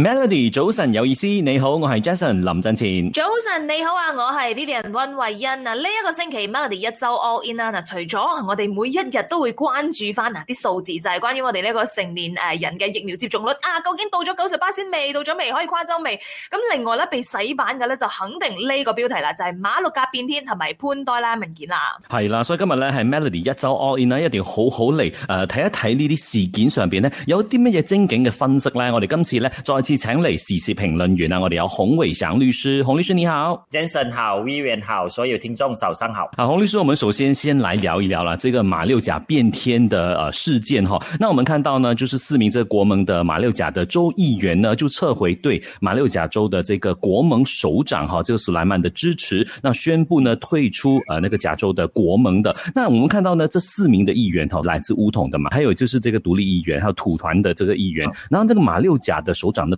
Melody 早晨有意思，你好，我係 Jason 林振前。早晨你好啊，我係 Vivian 溫慧欣啊。呢、這、一個星期 Melody 一周 all in 啦，嗱，除咗我哋每一日都會關注翻嗱啲數字，就係關於我哋呢個成年誒人嘅疫苗接種率啊，究竟到咗九十八先未？到咗未？可以跨州未？咁、啊、另外咧被洗版嘅咧就肯定呢個標題啦、啊，就係、是、馬六甲變天同埋潘多拉文件啦。係、啊、啦，所以今日咧係 Melody 一周 all in 啦、啊，一定要好好嚟誒睇一睇呢啲事件上邊咧有啲乜嘢精警嘅分析咧。我哋今次咧再。陳磊，時事評論員啊！我哋有洪偉翔律師，洪律師你好，傑森好，議員好，所有聽眾早上好。好，洪律師，我們首先先來聊一聊啦，這個馬六甲變天的呃事件哈、哦。那我們看到呢，就是四名這個國盟的馬六甲的州議員呢，就撤回對馬六甲州的這個國盟首長哈，這個蘇萊曼的支持，那宣布呢退出呃那個甲州的國盟的。那我們看到呢，這四名的議員哈、哦，來自巫統的嘛，還有就是這個獨立議員，還有土團的這個議員。然後這個馬六甲的首長呢。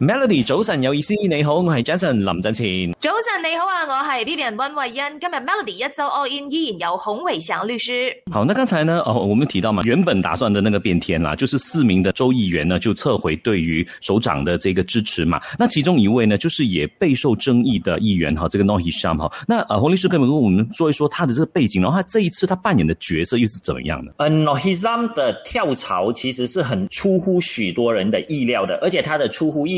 Melody，早晨有意思，你好，我係 Jason 林振清。早晨你好啊，我係 B B 人溫慧欣。今日 Melody 一周 all in 依然由洪偉翔律師。好，那剛才呢，哦，我們提到嘛，原本打算的那個變天啦、啊，就是四名的州議員呢就撤回對於首長的這個支持嘛。那其中一位呢，就是也備受爭議的議員哈，這個 Norhizam 哈。那呃，洪律師可唔可以跟我們說一說他的這個背景，然、哦、後他這一次他扮演的角色又是怎麼樣的？嗯、uh, Norhizam 的跳槽其實是很出乎許多人的意料的，而且他的出乎意。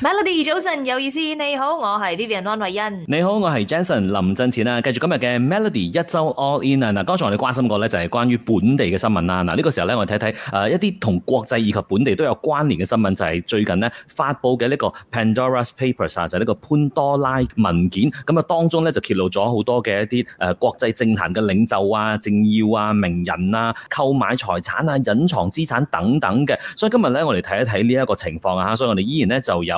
Melody 早晨有意思，你好，我係 Vivian 安慧欣。你好，我係 Jason 林振前啊。繼續今日嘅 Melody 一周 All In 啊。嗱，剛才我哋關心過咧，就係關於本地嘅新聞啦。嗱、啊，呢、這個時候咧，我哋睇一睇誒，一啲同國際以及本地都有關聯嘅新聞，就係、是、最近咧發佈嘅呢個 Pandora Papers 啊，就呢、是、個潘多拉文件。咁啊，當中咧就揭露咗好多嘅一啲誒、呃，國際政壇嘅領袖啊、政要啊、名人啊、購買財產啊、隱藏資產等等嘅。所以今日咧，我哋睇一睇呢一個情況啊。所以我哋依然咧就有，